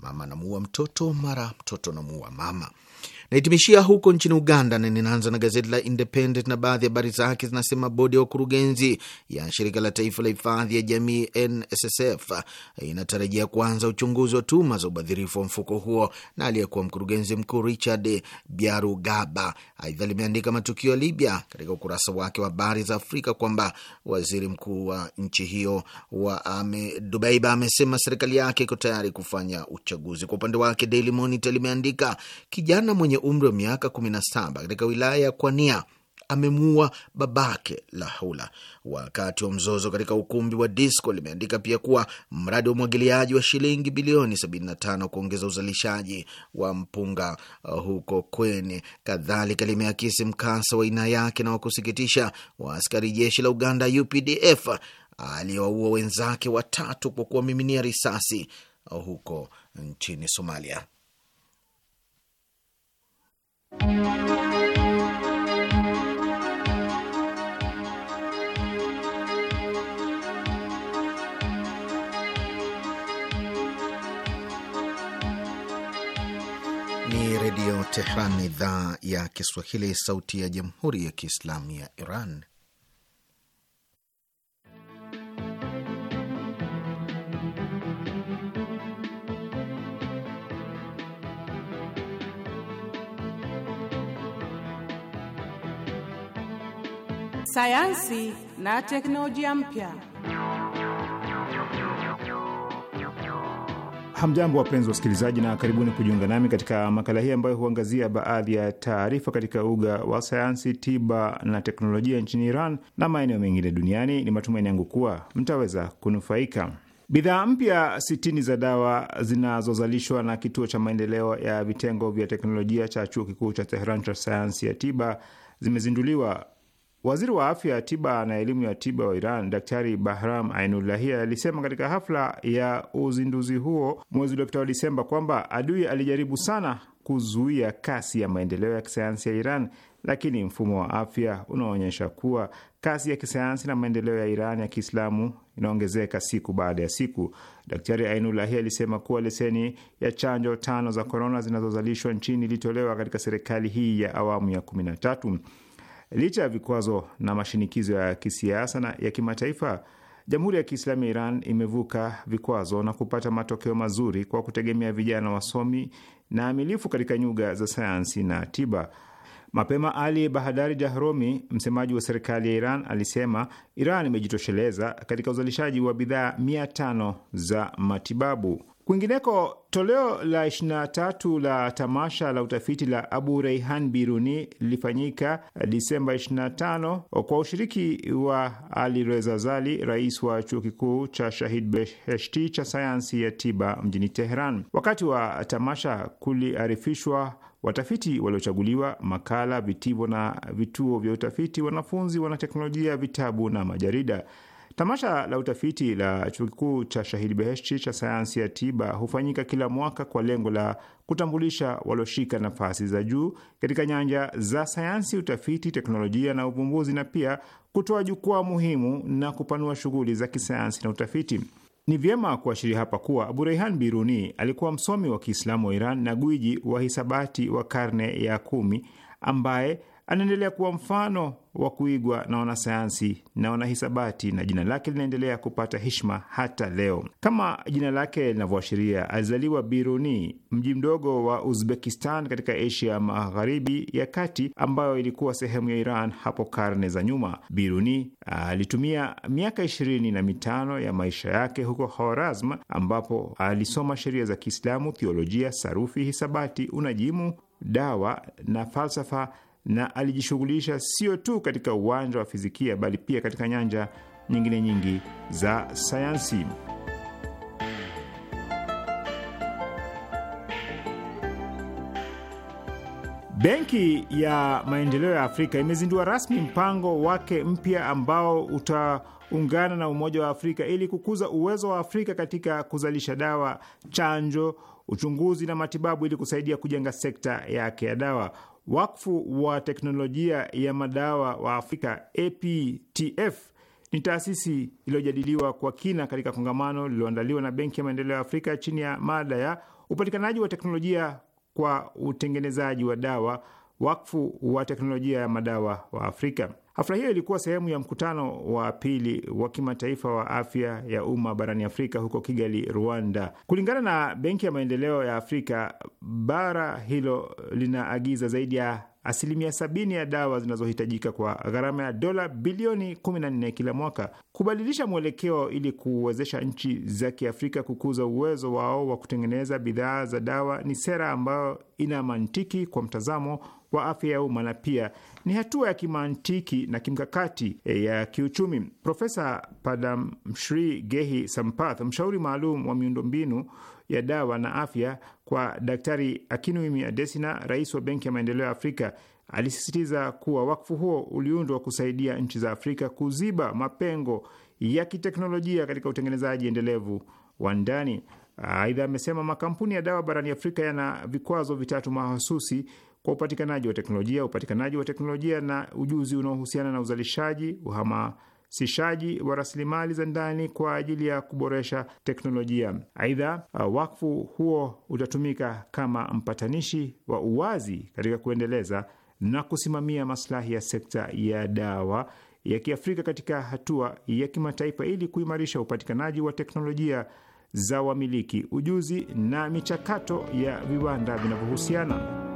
[SPEAKER 2] mama namuua mtoto, mara mtoto namuua mama. Naitimishia huko nchini Uganda na ninaanza na gazeti la Independent na baadhi ya habari zake zinasema bodi ya wakurugenzi ya shirika la taifa la hifadhi ya jamii NSSF inatarajia kuanza uchunguzi wa tuhuma za ubadhirifu wa mfuko huo na aliyekuwa mkurugenzi mkuu Richard Byarugaba. Aidha limeandika matukio ya Libya katika ukurasa wake wa habari za Afrika kwamba waziri mkuu wa nchi hiyo wa ame, Dubaiba amesema serikali yake iko tayari kufanya uchaguzi. Kwa upande wake Daily Monitor limeandika kijana mwenye umri wa miaka 17 katika wilaya ya Kwania amemuua babake Lahula wakati wa mzozo katika ukumbi wa disco. Limeandika pia kuwa mradi wa umwagiliaji wa shilingi bilioni 75 kuongeza uzalishaji wa mpunga uh, huko Kweni. Kadhalika limeakisi mkasa wa aina yake na wa kusikitisha wa askari jeshi la Uganda UPDF aliyewaua wenzake watatu kwa kuwamiminia risasi uh, huko nchini Somalia. Ni Redio Tehran, idhaa ya Kiswahili, sauti ya Jamhuri ya Kiislamu ya Iran.
[SPEAKER 5] sayansi na teknolojia mpya. Hamjambo, wapenzi wa wasikilizaji, na karibuni kujiunga nami katika makala hii ambayo huangazia baadhi ya taarifa katika uga wa sayansi, tiba na teknolojia nchini Iran na maeneo mengine duniani. Ni matumaini yangu kuwa mtaweza kunufaika. Bidhaa mpya 60 za dawa zinazozalishwa na kituo cha maendeleo ya vitengo vya teknolojia cha chuo kikuu cha Teheran cha sayansi ya tiba zimezinduliwa Waziri wa afya tiba na elimu ya tiba wa Iran Daktari Bahram ainullahi alisema katika hafla ya uzinduzi huo mwezi uliopita wa Disemba kwamba adui alijaribu sana kuzuia kasi ya maendeleo ya kisayansi ya Iran, lakini mfumo wa afya unaonyesha kuwa kasi ya kisayansi na maendeleo ya Iran ya Kiislamu inaongezeka siku baada ya siku. Daktari Ainulahi alisema kuwa leseni ya chanjo tano za korona zinazozalishwa nchini ilitolewa katika serikali hii ya awamu ya kumi na tatu. Licha ya vikwazo na mashinikizo ya kisiasa na ya kimataifa, Jamhuri ya Kiislamu ya Iran imevuka vikwazo na kupata matokeo mazuri kwa kutegemea vijana wasomi na amilifu katika nyuga za sayansi na tiba. Mapema Ali Bahadari Jahromi, msemaji wa serikali ya Iran, alisema Iran imejitosheleza katika uzalishaji wa bidhaa mia tano za matibabu. Kwingineko, toleo la 23 la tamasha la utafiti la Abu Reihan Biruni lilifanyika Disemba 25 kwa ushiriki wa Ali Reza Zali, rais wa chuo kikuu cha Shahid Beheshti cha sayansi ya tiba mjini Teheran. Wakati wa tamasha kuliarifishwa watafiti waliochaguliwa, makala, vitivo na vituo vya utafiti, wanafunzi, wanateknolojia, vitabu na majarida. Tamasha la utafiti la chuo kikuu cha Shahidi Beheshti cha sayansi ya tiba hufanyika kila mwaka kwa lengo la kutambulisha walioshika nafasi za juu katika nyanja za sayansi, utafiti, teknolojia na uvumbuzi, na pia kutoa jukwaa muhimu na kupanua shughuli za kisayansi na utafiti. Ni vyema kuashiria hapa kuwa Abu Reihan Biruni alikuwa msomi wa Kiislamu wa Iran na gwiji wa hisabati wa karne ya kumi ambaye Anaendelea kuwa mfano wa kuigwa na wanasayansi na wanahisabati na jina lake linaendelea kupata heshima hata leo. Kama jina lake linavyoashiria, alizaliwa Biruni, mji mdogo wa Uzbekistan katika Asia Magharibi ya Kati, ambayo ilikuwa sehemu ya Iran hapo karne za nyuma. Biruni alitumia miaka ishirini na mitano ya maisha yake huko Horazm, ambapo alisoma sheria za Kiislamu, thiolojia, sarufi, hisabati, unajimu, dawa na falsafa na alijishughulisha sio tu katika uwanja wa fizikia bali pia katika nyanja nyingine nyingi za sayansi. Benki ya Maendeleo ya Afrika imezindua rasmi mpango wake mpya ambao utaungana na Umoja wa Afrika ili kukuza uwezo wa Afrika katika kuzalisha dawa, chanjo uchunguzi na matibabu ili kusaidia kujenga sekta yake ya dawa. Wakfu wa teknolojia ya madawa wa Afrika APTF ni taasisi iliyojadiliwa kwa kina katika kongamano lililoandaliwa na Benki ya Maendeleo ya Afrika chini ya mada ya upatikanaji wa teknolojia kwa utengenezaji wa dawa wakfu wa teknolojia ya madawa wa Afrika. Hafla hiyo ilikuwa sehemu ya mkutano wa pili wa kimataifa wa afya ya umma barani Afrika huko Kigali, Rwanda. Kulingana na Benki ya Maendeleo ya Afrika, bara hilo linaagiza zaidi ya asilimia sabini ya dawa zinazohitajika kwa gharama ya dola bilioni 14 kila mwaka. Kubadilisha mwelekeo ili kuwezesha nchi za Kiafrika kukuza uwezo wao wa kutengeneza bidhaa za dawa ni sera ambayo ina mantiki kwa mtazamo wa afya ya umma na pia ni hatua ya kimantiki na kimkakati eh, ya kiuchumi. Profesa Padamshri Gehi Sampath, mshauri maalum wa miundombinu ya dawa na afya kwa Daktari Akinwumi Adesina, rais wa Benki ya Maendeleo ya Afrika, alisisitiza kuwa wakfu huo uliundwa kusaidia nchi za Afrika kuziba mapengo ya kiteknolojia katika utengenezaji endelevu wa ndani. Aidha, amesema makampuni ya dawa barani Afrika yana vikwazo vitatu mahususi kwa upatikanaji wa teknolojia, upatikanaji wa teknolojia na ujuzi unaohusiana na uzalishaji, uhamasishaji wa rasilimali za ndani kwa ajili ya kuboresha teknolojia. Aidha, uh, wakfu huo utatumika kama mpatanishi wa uwazi katika kuendeleza na kusimamia maslahi ya sekta ya dawa ya Kiafrika katika hatua ya kimataifa ili kuimarisha upatikanaji wa teknolojia za wamiliki, ujuzi na michakato ya viwanda vinavyohusiana.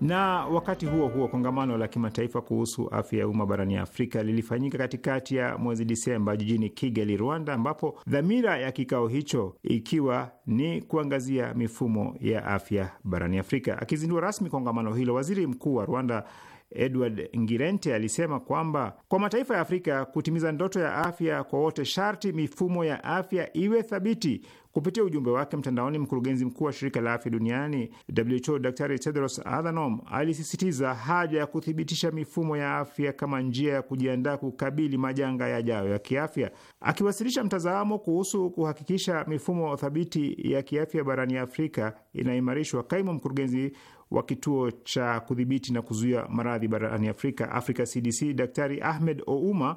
[SPEAKER 5] Na wakati huo huo, kongamano la kimataifa kuhusu afya ya umma barani Afrika lilifanyika katikati ya mwezi Disemba jijini Kigali, Rwanda, ambapo dhamira ya kikao hicho ikiwa ni kuangazia mifumo ya afya barani Afrika. Akizindua rasmi kongamano hilo, waziri mkuu wa Rwanda Edward Ngirente alisema kwamba kwa mataifa ya Afrika kutimiza ndoto ya afya kwa wote, sharti mifumo ya afya iwe thabiti. Kupitia ujumbe wake mtandaoni, mkurugenzi mkuu wa shirika la afya duniani WHO Dr Tedros Adhanom alisisitiza haja ya kuthibitisha mifumo ya afya kama njia ya kujiandaa kukabili majanga yajayo ya kiafya. Akiwasilisha mtazamo kuhusu kuhakikisha mifumo thabiti ya kiafya barani Afrika inaimarishwa, kaimu mkurugenzi wa kituo cha kudhibiti na kuzuia maradhi barani Afrika, Africa CDC, Daktari Ahmed Ouma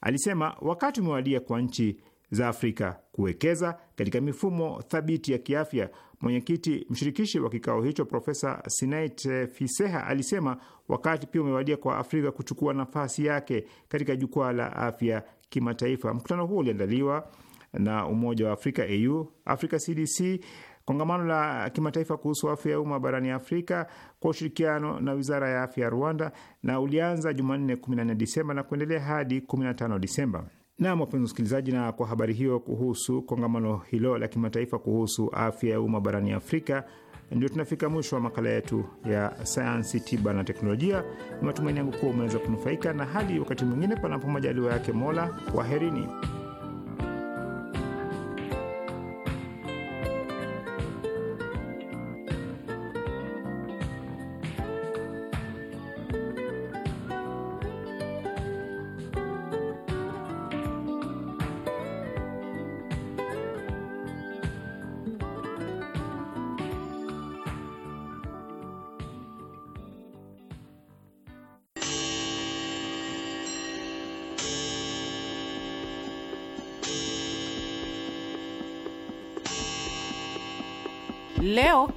[SPEAKER 5] alisema wakati umewadia kwa nchi za Afrika kuwekeza katika mifumo thabiti ya kiafya. Mwenyekiti mshirikishi wa kikao hicho Profesa Sinait Fiseha alisema wakati pia umewadia kwa Afrika kuchukua nafasi yake katika jukwaa la afya kimataifa. Mkutano huo uliandaliwa na Umoja wa Afrika, AU, Africa CDC kongamano la kimataifa kuhusu afya ya umma barani Afrika kwa ushirikiano na wizara ya afya ya Rwanda na ulianza Jumanne 14 Disemba na kuendelea hadi 15 Disemba. Nam, wapenzi msikilizaji, na kwa habari hiyo kuhusu kongamano hilo la kimataifa kuhusu afya ya umma barani Afrika, ndio tunafika mwisho wa makala yetu ya sayansi, tiba na teknolojia. Ni matumaini yangu kuwa umeweza kunufaika, na hadi wakati mwingine, panapo majaliwa yake Mola, kwaherini.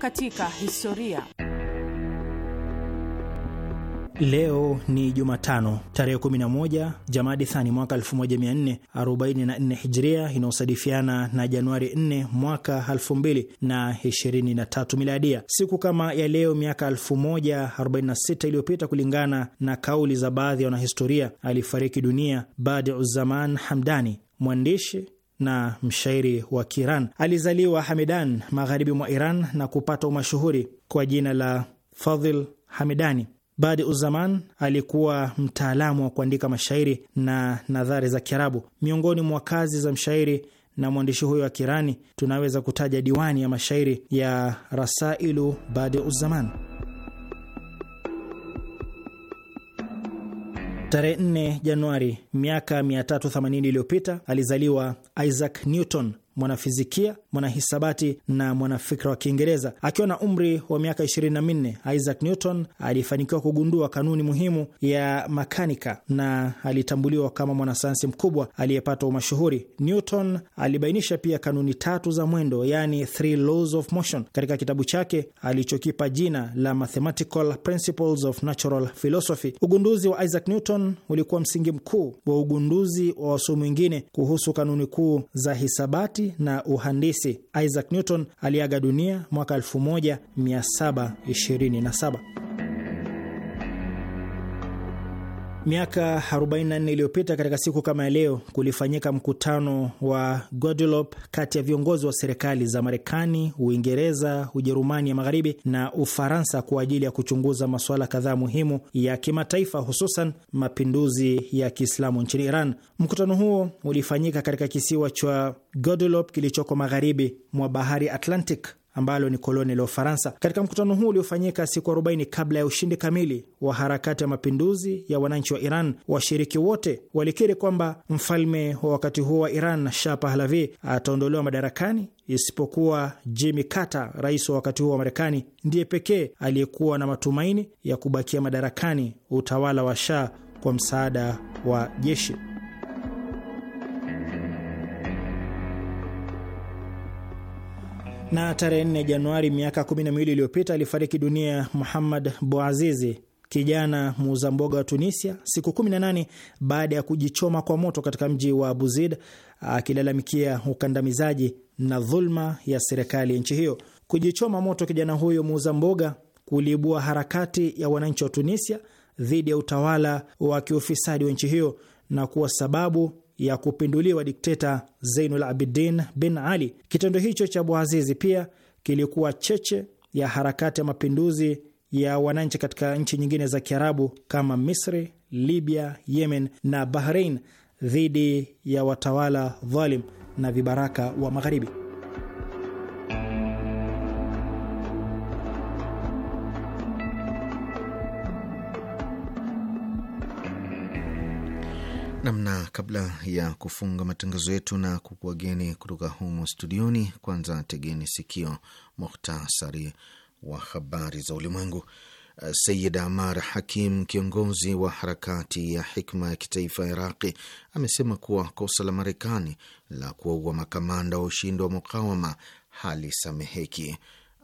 [SPEAKER 2] katika historia.
[SPEAKER 3] Leo ni Jumatano tarehe 11 Jamadi Thani mwaka 1444 Hijria, inayosadifiana na Januari 4 mwaka 2023 Miladia. Siku kama ya leo miaka 1046 iliyopita, kulingana na kauli za baadhi ya wanahistoria, alifariki dunia badi uzaman Hamdani, mwandishi na mshairi wa Kiiran. Alizaliwa Hamidan, magharibi mwa Iran, na kupata umashuhuri kwa jina la Fadhil Hamidani. Badi Uzaman alikuwa mtaalamu wa kuandika mashairi na nadhari za Kiarabu. Miongoni mwa kazi za mshairi na mwandishi huyo wa Kirani tunaweza kutaja diwani ya mashairi ya Rasailu Badi Uzaman. Tarehe 4 Januari miaka 380 iliyopita alizaliwa Isaac Newton, mwanafizikia, mwanahisabati na mwanafikra wa Kiingereza. Akiwa na umri wa miaka 24, Isaac Newton alifanikiwa kugundua kanuni muhimu ya makanika na alitambuliwa kama mwanasayansi mkubwa aliyepata umashuhuri. Newton alibainisha pia kanuni tatu za mwendo, yani three laws of motion, katika kitabu chake alichokipa jina la Mathematical Principles of Natural Philosophy. Ugunduzi wa Isaac Newton ulikuwa msingi mkuu wa ugunduzi wa wasomi wengine kuhusu kanuni kuu za hisabati sayansi na uhandisi Isaac Newton aliaga dunia mwaka 1727. Miaka 44 iliyopita katika siku kama ya leo kulifanyika mkutano wa Godelop kati ya viongozi wa serikali za Marekani, Uingereza, Ujerumani ya Magharibi na Ufaransa kwa ajili ya kuchunguza masuala kadhaa muhimu ya kimataifa, hususan mapinduzi ya Kiislamu nchini Iran. Mkutano huo ulifanyika katika kisiwa cha Godelop kilichoko magharibi mwa bahari Atlantic ambalo ni koloni la Ufaransa. Katika mkutano huu uliofanyika siku 40 kabla ya ushindi kamili wa harakati ya mapinduzi ya wananchi wa Iran, washiriki wote walikiri kwamba mfalme wa wakati huo wa Iran, Shah Pahlavi, ataondolewa madarakani isipokuwa Jimmy Carter, rais wa wakati huo wa Marekani, ndiye pekee aliyekuwa na matumaini ya kubakia madarakani utawala wa Shah kwa msaada wa jeshi. na tarehe 4 Januari miaka 12 iliyopita alifariki dunia Muhammad Bouazizi, kijana muuza mboga wa Tunisia, siku 18 baada ya kujichoma kwa moto katika mji wa Buzid, akilalamikia ukandamizaji na dhulma ya serikali ya nchi hiyo. Kujichoma moto kijana huyo muuza mboga kuliibua harakati ya wananchi wa Tunisia dhidi ya utawala wa kiufisadi wa nchi hiyo na kuwa sababu ya kupinduliwa dikteta Zeinul Abidin bin Ali. Kitendo hicho cha buazizi pia kilikuwa cheche ya harakati ya mapinduzi ya wananchi katika nchi nyingine za Kiarabu kama Misri, Libya, Yemen na bahrein dhidi ya watawala dhalim na vibaraka wa Magharibi.
[SPEAKER 2] kabla ya kufunga matangazo yetu na kukuageni kutoka humo studioni, kwanza tegeni sikio muhtasari wa habari za ulimwengu. Uh, Sayid Amar Hakim, kiongozi wa harakati ya Hikma ya kitaifa ya Iraqi, amesema kuwa kosa la Marekani la kuwaua makamanda wa ushindi wa mukawama halisameheki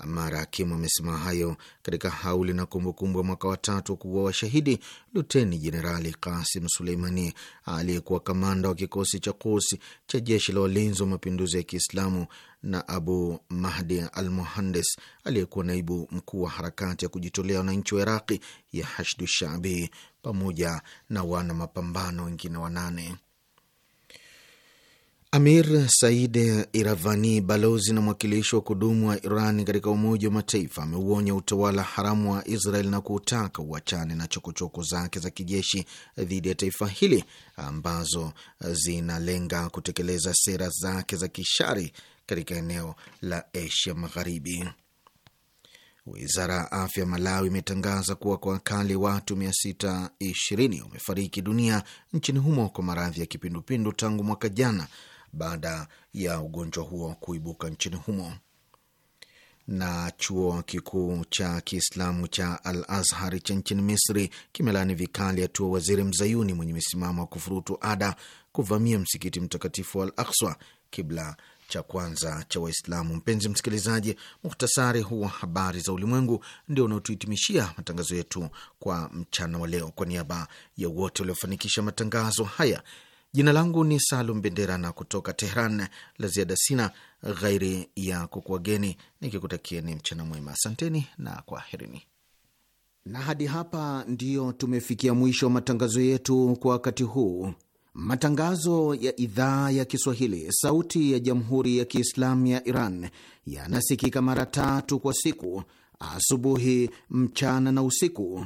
[SPEAKER 2] mara Hakimu amesema hayo katika hauli na kumbukumbu ya mwaka watatu kuwa washahidi Luteni Jenerali Kasim Suleimani aliyekuwa kamanda wa kikosi cha Quds cha jeshi la walinzi wa mapinduzi ya Kiislamu na Abu Mahdi al Muhandes aliyekuwa naibu mkuu wa harakati ya kujitolea wananchi wa Iraqi ya Hashdu Shabi pamoja na wana mapambano wengine wanane. Amir Said Iravani, balozi na mwakilishi wa kudumu wa Iran katika Umoja wa Mataifa, ameuonya utawala haramu wa Israel na kuutaka uachane na chokochoko zake za kijeshi dhidi ya taifa hili ambazo zinalenga kutekeleza sera zake za kishari katika eneo la Asia Magharibi. Wizara ya afya Malawi imetangaza kuwa kwa kali watu 620 wamefariki dunia nchini humo kwa maradhi ya kipindupindu tangu mwaka jana baada ya ugonjwa huo kuibuka nchini humo. Na chuo kikuu cha Kiislamu cha Al Azhar cha nchini Misri kimelani vikali hatua waziri mzayuni mwenye misimamo wa kufurutu ada kuvamia msikiti mtakatifu wa Al Akswa, kibla cha kwanza cha Waislamu. Mpenzi msikilizaji, muhtasari huu wa habari za ulimwengu ndio unaotuhitimishia matangazo yetu kwa mchana wa leo. Kwa niaba ya wote waliofanikisha matangazo haya Jina langu ni Salum Bendera na kutoka Tehran. La ziada sina ghairi ya kukuwageni nikikutakieni mchana mwema. Asanteni na kwaherini. Na hadi hapa ndiyo tumefikia mwisho wa matangazo yetu kwa wakati huu. Matangazo ya idhaa ya Kiswahili sauti ya jamhuri ya Kiislamu ya Iran yanasikika mara tatu kwa siku: asubuhi, mchana na usiku